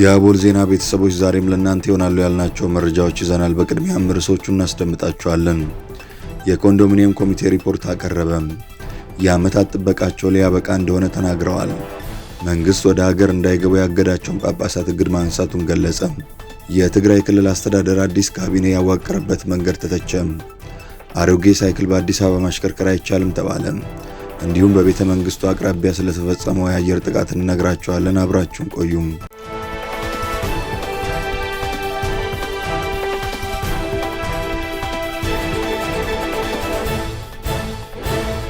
የአቦል ዜና ቤተሰቦች ዛሬም ለእናንተ ይሆናሉ ያልናቸው መረጃዎች ይዘናል። በቅድሚያም ርዕሶቹ እናስደምጣቸዋለን። የኮንዶሚኒየም ኮሚቴ ሪፖርት አቀረበ። የዓመታት ጥበቃቸው ሊያበቃ እንደሆነ ተናግረዋል። መንግሥት ወደ ሀገር እንዳይገቡ ያገዳቸውን ጳጳሳት እግድ ማንሳቱን ገለጸ። የትግራይ ክልል አስተዳደር አዲስ ካቢኔ ያዋቀረበት መንገድ ተተቸ። አሮጌ ሳይክል በአዲስ አበባ ማሽከርከር አይቻልም ተባለ። እንዲሁም በቤተ መንግሥቱ አቅራቢያ ስለተፈጸመው የአየር ጥቃት እንነግራቸዋለን። አብራችሁን ቆዩም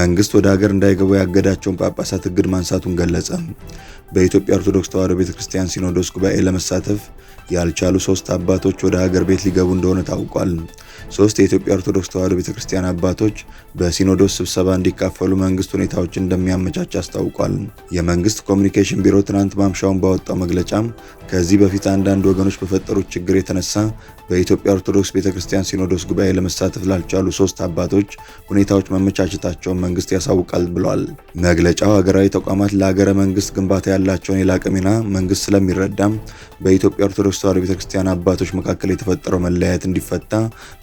መንግስት ወደ ሀገር እንዳይገቡ ያገዳቸውን ጳጳሳት እግድ ማንሳቱን ገለጸ። በኢትዮጵያ ኦርቶዶክስ ተዋሕዶ ቤተ ክርስቲያን ሲኖዶስ ጉባኤ ለመሳተፍ ያልቻሉ ሶስት አባቶች ወደ ሀገር ቤት ሊገቡ እንደሆነ ታውቋል። ሶስት የኢትዮጵያ ኦርቶዶክስ ተዋሕዶ ቤተክርስቲያን አባቶች በሲኖዶስ ስብሰባ እንዲካፈሉ መንግስት ሁኔታዎችን እንደሚያመቻች አስታውቋል። የመንግስት ኮሚኒኬሽን ቢሮ ትናንት ማምሻውን ባወጣው መግለጫም ከዚህ በፊት አንዳንድ ወገኖች በፈጠሩት ችግር የተነሳ በኢትዮጵያ ኦርቶዶክስ ቤተክርስቲያን ሲኖዶስ ጉባኤ ለመሳተፍ ላልቻሉ ሶስት አባቶች ሁኔታዎች መመቻቸታቸውን መንግስት ያሳውቃል ብሏል። መግለጫው ሀገራዊ ተቋማት ለሀገረ መንግስት ግንባታ ያላቸውን የላቀ ሚና መንግስት ስለሚረዳም በኢትዮጵያ ኦርቶዶክስ ተዋሕዶ ቤተክርስቲያን አባቶች መካከል የተፈጠረው መለያየት እንዲፈታ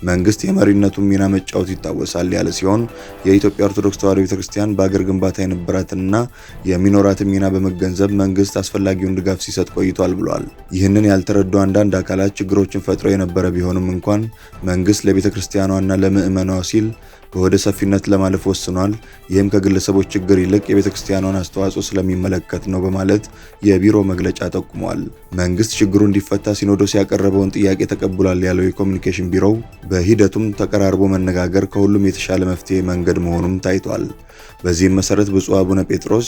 መንግስት የመሪነቱን ሚና መጫወት ይታወሳል ያለ ሲሆን የኢትዮጵያ ኦርቶዶክስ ተዋሕዶ ቤተክርስቲያን በአገር ግንባታ የነበራትንና የሚኖራትን ሚና በመገንዘብ መንግስት አስፈላጊውን ድጋፍ ሲሰጥ ቆይቷል ብሏል። ይህንን ያልተረዱ አንዳንድ አካላት ችግሮችን ፈጥረው የነበረ ቢሆንም እንኳን መንግስት ለቤተክርስቲያኗና ለምዕመኗ ሲል በወደ ሰፊነት ለማለፍ ወስኗል። ይህም ከግለሰቦች ችግር ይልቅ የቤተክርስቲያኗን አስተዋጽኦ ስለሚመለከት ነው በማለት የቢሮ መግለጫ ጠቁሟል። መንግስት መንግስት ችግሩ እንዲፈታ ሲኖዶስ ያቀረበውን ጥያቄ ተቀብሏል ያለው የኮሚኒኬሽን ቢሮው በሂደቱም ተቀራርቦ መነጋገር ከሁሉም የተሻለ መፍትሄ መንገድ መሆኑም ታይቷል። በዚህም መሰረት ብፁዕ አቡነ ጴጥሮስ፣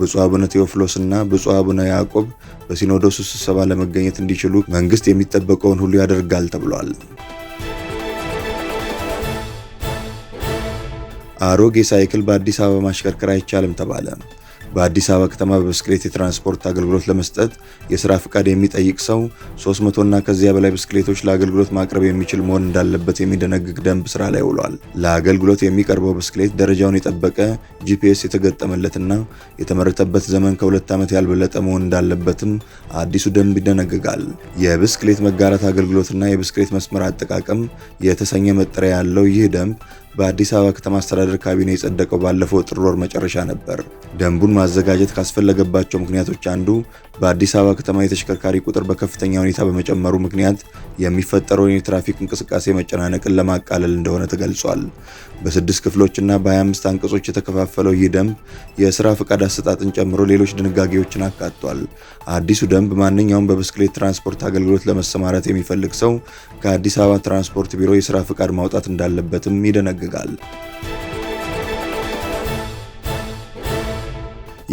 ብፁዕ አቡነ ቴዎፍሎስ እና ብፁዕ አቡነ ያዕቆብ በሲኖዶሱ ስብሰባ ለመገኘት እንዲችሉ መንግስት የሚጠበቀውን ሁሉ ያደርጋል ተብሏል። አሮጌ ሳይክል በአዲስ አበባ ማሽከርከር አይቻልም ተባለ። በአዲስ አበባ ከተማ በብስክሌት የትራንስፖርት አገልግሎት ለመስጠት የስራ ፍቃድ የሚጠይቅ ሰው 300 እና ከዚያ በላይ ብስክሌቶች ለአገልግሎት ማቅረብ የሚችል መሆን እንዳለበት የሚደነግግ ደንብ ስራ ላይ ውሏል። ለአገልግሎት የሚቀርበው ብስክሌት ደረጃውን የጠበቀ ጂፒኤስ የተገጠመለትና የተመረተበት ዘመን ከሁለት ዓመት ያልበለጠ መሆን እንዳለበትም አዲሱ ደንብ ይደነግጋል። የብስክሌት መጋራት አገልግሎትና የብስክሌት መስመር አጠቃቀም የተሰኘ መጠሪያ ያለው ይህ ደንብ በአዲስ አበባ ከተማ አስተዳደር ካቢኔ የጸደቀው ባለፈው ጥር ወር መጨረሻ ነበር። ደንቡን ማዘጋጀት ካስፈለገባቸው ምክንያቶች አንዱ በአዲስ አበባ ከተማ የተሽከርካሪ ቁጥር በከፍተኛ ሁኔታ በመጨመሩ ምክንያት የሚፈጠረውን የትራፊክ እንቅስቃሴ መጨናነቅን ለማቃለል እንደሆነ ተገልጿል። በስድስት ክፍሎችና በ25 አንቀጾች የተከፋፈለው ይህ ደንብ የስራ ፈቃድ አሰጣጥን ጨምሮ ሌሎች ድንጋጌዎችን አካቷል። አዲሱ ደንብ ማንኛውም በብስክሌት ትራንስፖርት አገልግሎት ለመሰማራት የሚፈልግ ሰው ከአዲስ አበባ ትራንስፖርት ቢሮ የስራ ፈቃድ ማውጣት እንዳለበትም ይደነግጋል።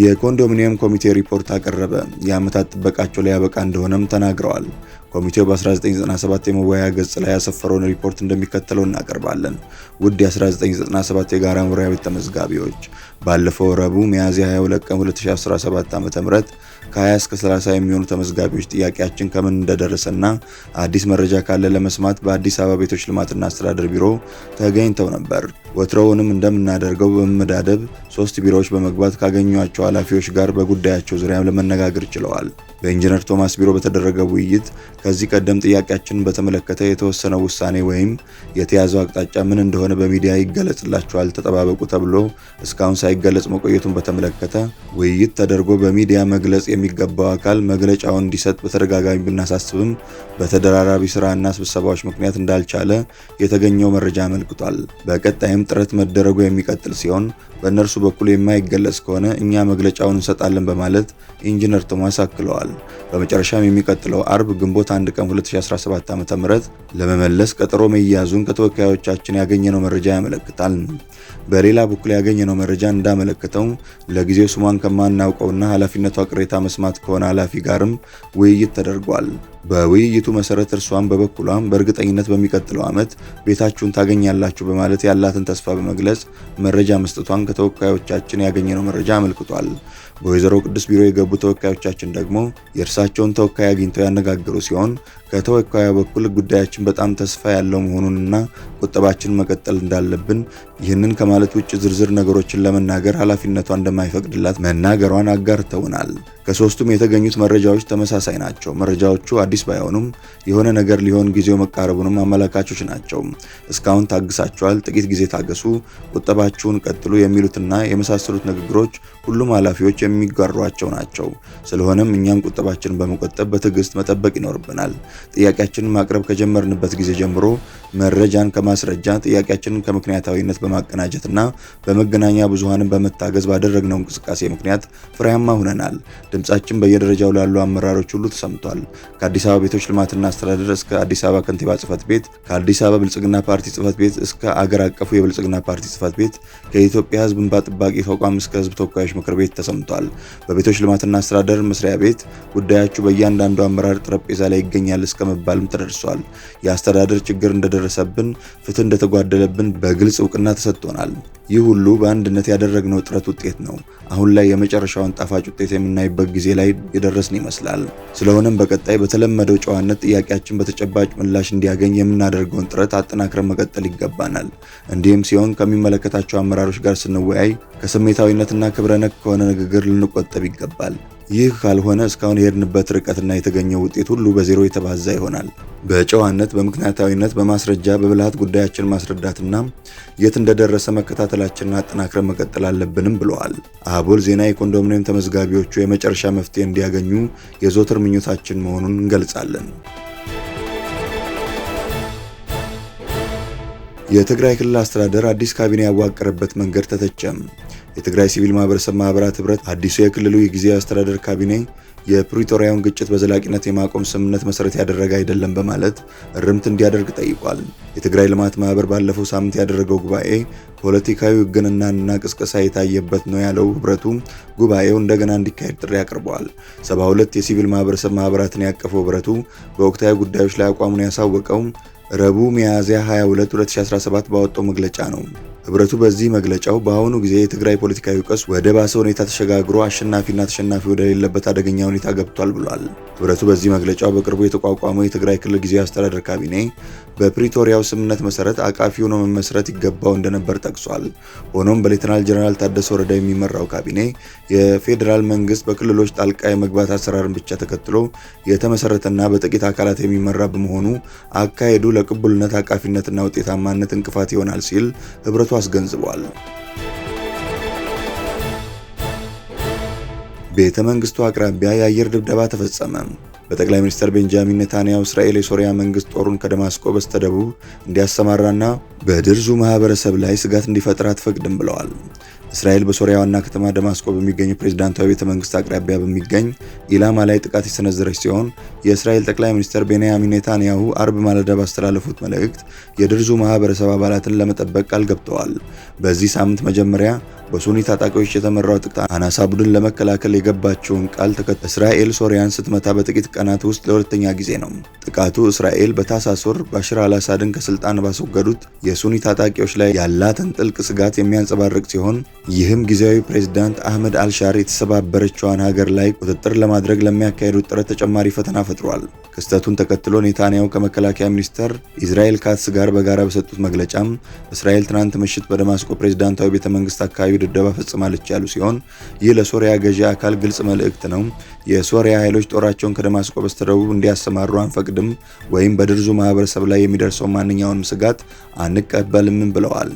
የኮንዶሚኒየም ኮሚቴ ሪፖርት አቀረበ። የዓመታት ጥበቃቸው ላይ ያበቃ እንደሆነም ተናግረዋል። ኮሚቴው በ1997 የመወያያ ገጽ ላይ ያሰፈረውን ሪፖርት እንደሚከተለው እናቀርባለን። ውድ የ1997 የጋራ መኖሪያ ቤት ተመዝጋቢዎች ባለፈው ረቡዕ ሚያዝያ 22 ቀን 2017 ዓ ም ከ20 እስከ 30 የሚሆኑ ተመዝጋቢዎች ጥያቄያችን ከምን እንደደረሰና አዲስ መረጃ ካለ ለመስማት በአዲስ አበባ ቤቶች ልማትና አስተዳደር ቢሮ ተገኝተው ነበር። ወትሮውንም እንደምናደርገው በመመዳደብ ሶስት ቢሮዎች በመግባት ካገኟቸው ኃላፊዎች ጋር በጉዳያቸው ዙሪያ ለመነጋገር ችለዋል። በኢንጂነር ቶማስ ቢሮ በተደረገ ውይይት ከዚህ ቀደም ጥያቄያችንን በተመለከተ የተወሰነ ውሳኔ ወይም የተያዘው አቅጣጫ ምን እንደሆነ በሚዲያ ይገለጽላቸዋል ተጠባበቁ ተብሎ እስካሁን ሳይገለጽ መቆየቱን በተመለከተ ውይይት ተደርጎ በሚዲያ መግለጽ የሚገባው አካል መግለጫውን እንዲሰጥ በተደጋጋሚ ብናሳስብም በተደራራቢ ስራና ስብሰባዎች ምክንያት እንዳልቻለ የተገኘው መረጃ አመልክቷል። በቀጣይም ጥረት መደረጉ የሚቀጥል ሲሆን በእነርሱ በኩል የማይገለጽ ከሆነ እኛ መግለጫውን እንሰጣለን በማለት ኢንጂነር ቶማስ አክለዋል። በመጨረሻም የሚቀጥለው አርብ ግንቦት 1 ቀን 2017 ዓ.ም ለመመለስ ቀጠሮ መያዙን ከተወካዮቻችን ያገኘነው መረጃ ያመለክታል። በሌላ በኩል ያገኘነው መረጃ እንዳመለከተው ለጊዜው ስሟን ከማናውቀውና ኃላፊነቷ ቅሬታ መስማት ከሆነ ኃላፊ ጋርም ውይይት ተደርጓል። በውይይቱ መሰረት እርሷን በበኩሏም በእርግጠኝነት በሚቀጥለው ዓመት ቤታችሁን ታገኛላችሁ በማለት ያላትን ተስፋ በመግለጽ መረጃ መስጠቷን ከተወካዮቻችን ያገኘነው መረጃ አመልክቷል። በወይዘሮ ቅዱስ ቢሮ የገቡ ተወካዮቻችን ደግሞ የእርሳቸውን ተወካይ አግኝተው ያነጋገሩ ሲሆን ከተወካዩ በኩል ጉዳያችን በጣም ተስፋ ያለው መሆኑንና ቁጠባችን መቀጠል እንዳለብን ይህንን ከማለት ውጭ ዝርዝር ነገሮችን ለመናገር ኃላፊነቷ እንደማይፈቅድላት መናገሯን አጋርተውናል። ከሶስቱም የተገኙት መረጃዎች ተመሳሳይ ናቸው። መረጃዎቹ አዲስ ባይሆኑም የሆነ ነገር ሊሆን ጊዜው መቃረቡንም አመላካቾች ናቸው። እስካሁን ታግሳችኋል፣ ጥቂት ጊዜ ታገሱ፣ ቁጠባችሁን ቀጥሉ የሚሉትና የመሳሰሉት ንግግሮች ሁሉም ኃላፊዎች የሚጋሯቸው ናቸው። ስለሆነም እኛም ቁጠባችንን በመቆጠብ በትዕግስት መጠበቅ ይኖርብናል። ጥያቄያችንን ማቅረብ ከጀመርንበት ጊዜ ጀምሮ መረጃን ከማስረጃ ጥያቄያችንን ከምክንያታዊነት በማቀናጀትና በመገናኛ ብዙሃንን በመታገዝ ባደረግነው እንቅስቃሴ ምክንያት ፍሬያማ ሆነናል። ድምጻችን በየደረጃው ላሉ አመራሮች ሁሉ ተሰምቷል። ከአዲስ አበባ ቤቶች ልማትና አስተዳደር እስከ አዲስ አበባ ከንቲባ ጽህፈት ቤት፣ ከአዲስ አበባ ብልጽግና ፓርቲ ጽህፈት ቤት እስከ አገር አቀፉ የብልጽግና ፓርቲ ጽህፈት ቤት፣ ከኢትዮጵያ ህዝብ እንባ ጠባቂ ተቋም እስከ ህዝብ ተወካዮች ምክር ቤት ተሰምቷል። በቤቶች ልማትና አስተዳደር መስሪያ ቤት ጉዳያችሁ በእያንዳንዱ አመራር ጠረጴዛ ላይ ይገኛል እስከ መባልም ተደርሷል። የአስተዳደር ችግር እንደደ እንደደረሰብን፣ ፍትህ እንደተጓደለብን በግልጽ እውቅና ተሰጥቶናል። ይህ ሁሉ በአንድነት ያደረግነው ጥረት ውጤት ነው። አሁን ላይ የመጨረሻውን ጣፋጭ ውጤት የምናይበት ጊዜ ላይ የደረስን ይመስላል። ስለሆነም በቀጣይ በተለመደው ጨዋነት ጥያቄያችን በተጨባጭ ምላሽ እንዲያገኝ የምናደርገውን ጥረት አጠናክረን መቀጠል ይገባናል። እንዲህም ሲሆን ከሚመለከታቸው አመራሮች ጋር ስንወያይ ከስሜታዊነትና ክብረ ነክ ከሆነ ንግግር ልንቆጠብ ይገባል። ይህ ካልሆነ እስካሁን የሄድንበት ርቀትና የተገኘው ውጤት ሁሉ በዜሮ የተባዛ ይሆናል። በጨዋነት፣ በምክንያታዊነት፣ በማስረጃ በብልሃት ጉዳያችን ማስረዳትና የት እንደደረሰ መከታተላችንን አጠናክረን መቀጠል አለብንም ብለዋል። አቦል ዜና የኮንዶሚኒየም ተመዝጋቢዎቹ የመጨረሻ መፍትሄ እንዲያገኙ የዘወትር ምኞታችን መሆኑን እንገልጻለን። የትግራይ ክልል አስተዳደር አዲስ ካቢኔ ያዋቀረበት መንገድ ተተቸም። የትግራይ ሲቪል ማህበረሰብ ማህበራት ህብረት አዲሱ የክልሉ የጊዜያዊ አስተዳደር ካቢኔ የፕሪቶሪያውን ግጭት በዘላቂነት የማቆም ስምምነት መሰረት ያደረገ አይደለም በማለት እርምት እንዲያደርግ ጠይቋል። የትግራይ ልማት ማህበር ባለፈው ሳምንት ያደረገው ጉባኤ ፖለቲካዊ ውግንናና ቅስቀሳ የታየበት ነው ያለው ህብረቱ ጉባኤው እንደገና እንዲካሄድ ጥሪ አቅርበዋል። 72 የሲቪል ማህበረሰብ ማህበራትን ያቀፈው ህብረቱ በወቅታዊ ጉዳዮች ላይ አቋሙን ያሳወቀው ረቡዕ ሚያዝያ 22 2017 ባወጣው መግለጫ ነው። ህብረቱ በዚህ መግለጫው በአሁኑ ጊዜ የትግራይ ፖለቲካዊ ቀውስ ወደ ባሰ ሁኔታ ተሸጋግሮ አሸናፊና ተሸናፊ ወደሌለበት አደገኛ ሁኔታ ገብቷል ብሏል። ህብረቱ በዚህ መግለጫው በቅርቡ የተቋቋመው የትግራይ ክልል ጊዜያዊ አስተዳደር ካቢኔ በፕሪቶሪያው ስምምነት መሰረት አቃፊ ሆኖ መመስረት ይገባው እንደነበር ጠቅሷል። ሆኖም በሌተናል ጀነራል ታደሰ ወረዳ የሚመራው ካቢኔ የፌዴራል መንግስት በክልሎች ጣልቃ የመግባት አሰራርን ብቻ ተከትሎ የተመሰረተና በጥቂት አካላት የሚመራ በመሆኑ አካሄዱ ለቅቡልነት አቃፊነትና ውጤታማነት እንቅፋት ይሆናል ሲል ህብረቱ አስገንዝቧል። ቤተ መንግስቱ አቅራቢያ የአየር ድብደባ ተፈጸመ። በጠቅላይ ሚኒስትር ቤንጃሚን ኔታንያሁ እስራኤል የሶሪያ መንግስት ጦሩን ከደማስቆ በስተደቡብ እንዲያሰማራና በድርዙ ማህበረሰብ ላይ ስጋት እንዲፈጥር አትፈቅድም ብለዋል። እስራኤል በሶሪያ ዋና ከተማ ደማስቆ በሚገኘው ፕሬዝዳንታዊ ቤተ መንግስት አቅራቢያ በሚገኝ ኢላማ ላይ ጥቃት የሰነዘረች ሲሆን የእስራኤል ጠቅላይ ሚኒስትር ቤንያሚን ኔታንያሁ አርብ ማለዳ ባስተላለፉት መልእክት የድርዙ ማህበረሰብ አባላትን ለመጠበቅ ቃል ገብተዋል። በዚህ ሳምንት መጀመሪያ በሱኒ ታጣቂዎች የተመራው ጥቃት አናሳ ቡድን ለመከላከል የገባቸውን ቃል ተከትሎ እስራኤል ሶሪያን ስትመታ በጥቂት ቀናት ውስጥ ለሁለተኛ ጊዜ ነው። ጥቃቱ እስራኤል በታህሳስ ወር ባሽር አልአሳድን ከስልጣን ባስወገዱት የሱኒ ታጣቂዎች ላይ ያላትን ጥልቅ ስጋት የሚያንጸባርቅ ሲሆን ይህም ጊዜያዊ ፕሬዝዳንት አህመድ አልሻር የተሰባበረችዋን ሀገር ላይ ቁጥጥር ለማድረግ ለሚያካሄዱት ጥረት ተጨማሪ ፈተና ፈጥሯል። ክስተቱን ተከትሎ ኔታንያሁ ከመከላከያ ሚኒስተር ኢዝራኤል ካትስ ጋር በጋራ በሰጡት መግለጫም እስራኤል ትናንት ምሽት በደማስቆ ፕሬዝዳንታዊ ቤተ መንግስት አካባቢ ድብደባ ፈጽማለች ያሉ ሲሆን ይህ ለሶሪያ ገዢ አካል ግልጽ መልእክት ነው። የሶሪያ ኃይሎች ጦራቸውን ከደማስቆ በስተደቡብ እንዲያሰማሩ አንፈቅድም ወይም በድርዙ ማህበረሰብ ላይ የሚደርሰው ማንኛውንም ስጋት አንቀበልም ብለዋል።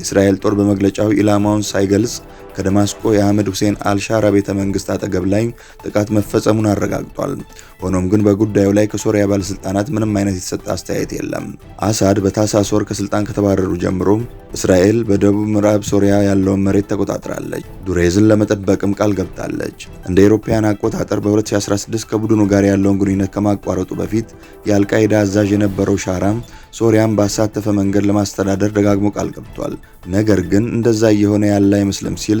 የእስራኤል ጦር በመግለጫው ኢላማውን ሳይ ሳይገልጽ ከደማስቆ የአህመድ ሁሴን አልሻራ ቤተ መንግስት አጠገብ ላይ ጥቃት መፈጸሙን አረጋግጧል። ሆኖም ግን በጉዳዩ ላይ ከሶሪያ ባለስልጣናት ምንም አይነት የተሰጠ አስተያየት የለም። አሳድ በታህሳስ ወር ከስልጣን ከተባረሩ ጀምሮ እስራኤል በደቡብ ምዕራብ ሶሪያ ያለውን መሬት ተቆጣጥራለች። ዱሬዝን ለመጠበቅም ቃል ገብታለች። እንደ አውሮፓውያን አቆጣጠር በ2016 ከቡድኑ ጋር ያለውን ግንኙነት ከማቋረጡ በፊት የአልቃይዳ አዛዥ የነበረው ሻራ ሶሪያን ባሳተፈ መንገድ ለማስተዳደር ደጋግሞ ቃል ገብቷል። ነገር ግን እንደዛ እየሆነ ያለ አይመስልም ሲል